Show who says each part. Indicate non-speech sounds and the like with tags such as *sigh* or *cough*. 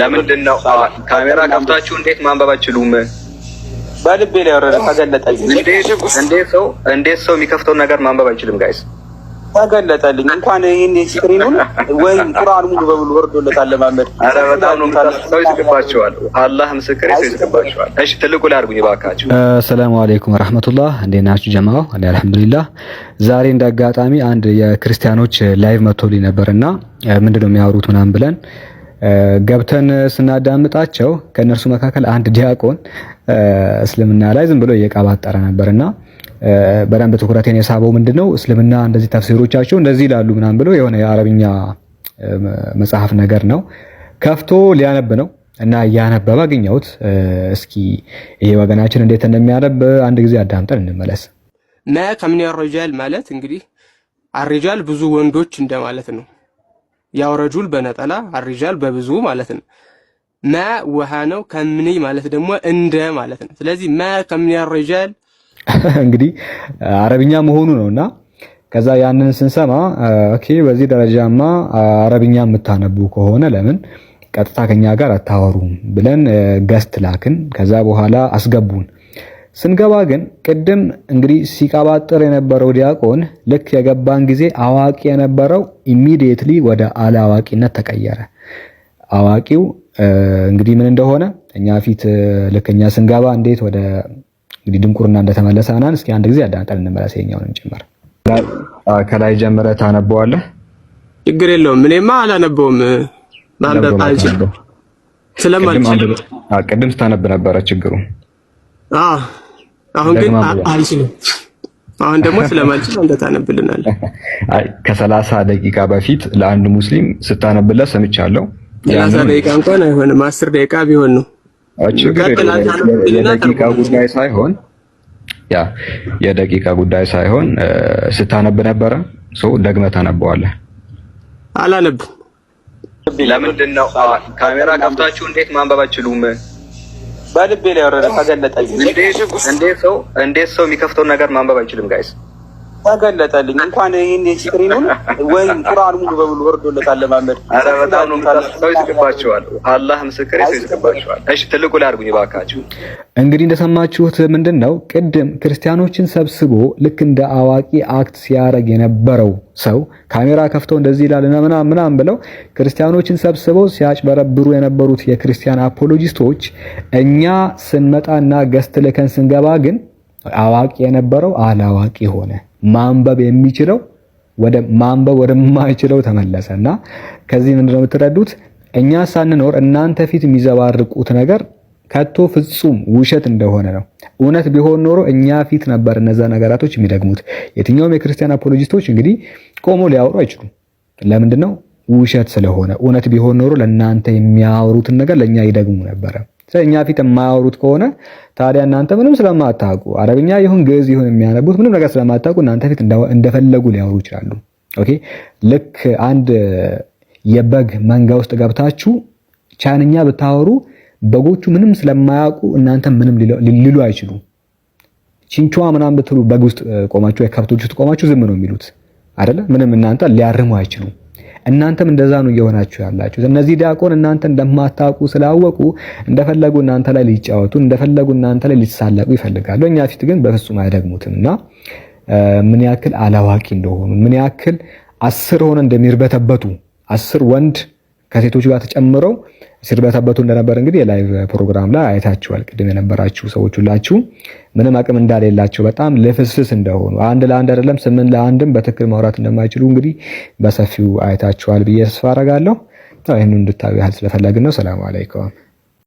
Speaker 1: ለምንድን ነው ካሜራ ከፍታችሁ እንዴት ማንበብ አችሉም?
Speaker 2: በልቤ ተገለጠልኝ።
Speaker 1: እንዴት ሰው የሚከፍተውን ነገር ማንበብ አይችልም? ጋይስ
Speaker 2: ተገለጠልኝ። እንኳን ይህን ስክሪኑን ቁርአን ሙሉ በሙሉ ወርዶለታል ለማመድ።
Speaker 1: ኧረ በጣም ሰው ይስቅባቸዋል። አላህ ምስክር፣ ይስቅባቸዋል። እሺ ትልቁ ላይ አድርጉኝ እባካችሁ።
Speaker 3: ሰላሙ አሌይኩም ወራህመቱላህ፣ እንዴት ናችሁ ጀማው? አለ አልሐምዱሊላህ። ዛሬ እንደ አጋጣሚ አንድ የክርስቲያኖች ላይቭ መጥቶልኝ ነበር እና የሚያወሩት ምናምን ብለን ገብተን ስናዳምጣቸው ከእነርሱ መካከል አንድ ዲያቆን እስልምና ላይ ዝም ብሎ እየቀባጠረ ነበርና በደንብ ትኩረቴን የሳበው ምንድነው እስልምና እንደዚህ ተፍሲሮቻቸው እንደዚህ ይላሉ ምናምን ብሎ የሆነ የአረብኛ መጽሐፍ ነገር ነው ከፍቶ ሊያነብ ነው እና እያነበበ አገኘሁት። እስኪ ይሄ ወገናችን እንዴት እንደሚያነብ አንድ ጊዜ አዳምጠን እንመለስ።
Speaker 4: ነ ከምን ያረጃል ማለት እንግዲህ አረጃል ብዙ ወንዶች እንደማለት ነው። ያው በነጠላ አሪጃል በብዙ ማለት ነው። ማ ውሃ ነው። ከምን ማለት ደግሞ እንደ ማለት ነው። ስለዚህ ማ ከምን ያረጃል
Speaker 3: *laughs* እንግዲህ አረብኛ መሆኑ ነውና ከዛ ያንን ስንሰማ ኦኬ፣ በዚህ ደረጃማ አረብኛ የምታነቡ ከሆነ ለምን ቀጥታ ከኛ ጋር አታወሩም ብለን ገስት ላክን። ከዛ በኋላ አስገቡን። ስንገባ ግን ቅድም እንግዲህ ሲቀባጥር የነበረው ዲያቆን ልክ የገባን ጊዜ አዋቂ የነበረው ኢሚዲየትሊ ወደ አላዋቂነት ተቀየረ። አዋቂው እንግዲህ ምን እንደሆነ እኛ ፊት ልክ እኛ ስንገባ እንዴት ወደ እንግዲህ ድንቁርና እንደተመለሰ ናን እስኪ አንድ ጊዜ አዳምጠን እንመለስ። የኛውንም ጭምር ከላይ ጀምረህ ታነበዋለህ።
Speaker 4: ችግር የለውም። እኔማ አላነበውም ማንበብ አልችልም ስለማልችል
Speaker 3: ቅድም ስታነብ ነበረ ችግሩ
Speaker 4: አሁን ግን አሪፍ ነው። አሁን ደግሞ ስለማንችል አንተ ታነብልናለህ።
Speaker 3: *laughs* ከሰላሳ ደቂቃ በፊት ለአንድ ሙስሊም ስታነብለት ሰምቻለሁ።
Speaker 4: ሰላሳ ደቂቃ እንኳን አይሆንም አስር ደቂቃ ቢሆን ነው።
Speaker 3: የደቂቃ ጉዳይ ሳይሆን ያ የደቂቃ ጉዳይ ሳይሆን ስታነብ ነበረ። ሰው ደግመህ ታነበዋለህ።
Speaker 4: አላነብም።
Speaker 1: ለምንድን ነው ካሜራ ከፍታችሁ እንዴት ማንበብ አችሉም?
Speaker 2: በልቤ ላይ ወረደ
Speaker 1: ሰው እንዴት ሰው የሚከፍተውን ነገር ማንበብ አይችልም ጋይስ?
Speaker 2: ተገለጠልኝ። እንኳን ይህን ስክሪኑን ወይም ቁርአን ሙሉ በሙሉ ወርዶለታል። ለማመድ
Speaker 1: ኧረ ነው ሰው ይስቅባቸዋል። አላህ ምስክር ሰው ይስቅባቸዋል። እሺ ትልቁ ላይ አድርጉኝ እባካችሁ።
Speaker 3: እንግዲህ እንደሰማችሁት ምንድን ነው ቅድም ክርስቲያኖችን ሰብስቦ ልክ እንደ አዋቂ አክት ሲያደርግ የነበረው ሰው ካሜራ ከፍቶ እንደዚህ ይላል ምናምን ምናምን ብለው ክርስቲያኖችን ሰብስበው ሲያጭበረብሩ የነበሩት የክርስቲያን አፖሎጂስቶች እኛ ስንመጣና ገስት ልከን ስንገባ ግን አዋቂ የነበረው አላዋቂ ሆነ። ማንበብ የሚችለው ወደ ማንበብ ወደማይችለው ተመለሰ እና ከዚህ ምንድነው የምትረዱት? እኛ ሳንኖር እናንተ ፊት የሚዘባርቁት ነገር ከቶ ፍጹም ውሸት እንደሆነ ነው። እውነት ቢሆን ኖሮ እኛ ፊት ነበር እነዛ ነገራቶች የሚደግሙት። የትኛውም የክርስቲያን አፖሎጂስቶች እንግዲህ ቆሞ ሊያወሩ አይችሉም። ለምንድን ነው? ውሸት ስለሆነ። እውነት ቢሆን ኖሮ ለእናንተ የሚያወሩትን ነገር ለእኛ ይደግሙ ነበረ። እኛ ፊት የማያወሩት ከሆነ ታዲያ እናንተ ምንም ስለማታውቁ አረብኛ ይሁን ግዕዝ ይሁን የሚያነቡት ምንም ነገር ስለማታውቁ እናንተ ፊት እንደፈለጉ ሊያወሩ ይችላሉ። ኦኬ ልክ አንድ የበግ መንጋ ውስጥ ገብታችሁ ቻይንኛ ብታወሩ በጎቹ ምንም ስለማያውቁ እናንተ ምንም ሊሉ አይችሉ። ቺንቹዋ ምናምን ብትሉ በግ ውስጥ ቆማችሁ የከብቶች ውስጥ ቆማችሁ ዝም ነው የሚሉት አይደለ? ምንም እናንተ ሊያርሙ አይችሉም። እናንተም እንደዛ ነው እየሆናችሁ ያላችሁ። እነዚህ ዲያቆን እናንተ እንደማታውቁ ስላወቁ እንደፈለጉ እናንተ ላይ ሊጫወቱ፣ እንደፈለጉ እናንተ ላይ ሊሳለቁ ይፈልጋሉ። እኛ ፊት ግን በፍጹም አይደግሙትም እና ምን ያክል አላዋቂ እንደሆኑ ምን ያክል አስር ሆነ እንደሚርበተበቱ አስር ወንድ ከሴቶች ጋር ተጨምረው ሲርበተበቱ እንደነበር እንግዲህ የላይቭ ፕሮግራም ላይ አይታችኋል። ቅድም የነበራችሁ ሰዎች ሁላችሁ ምንም አቅም እንዳሌላቸው በጣም ልፍስፍስ እንደሆኑ አንድ ለአንድ አይደለም ስምን ለአንድም በትክክል ማውራት እንደማይችሉ እንግዲህ በሰፊው አይታችኋል ብዬ ተስፋ አረጋለሁ። ይህን እንድታዩ ያህል ስለፈለግን ነው። ሰላም አለይኩም።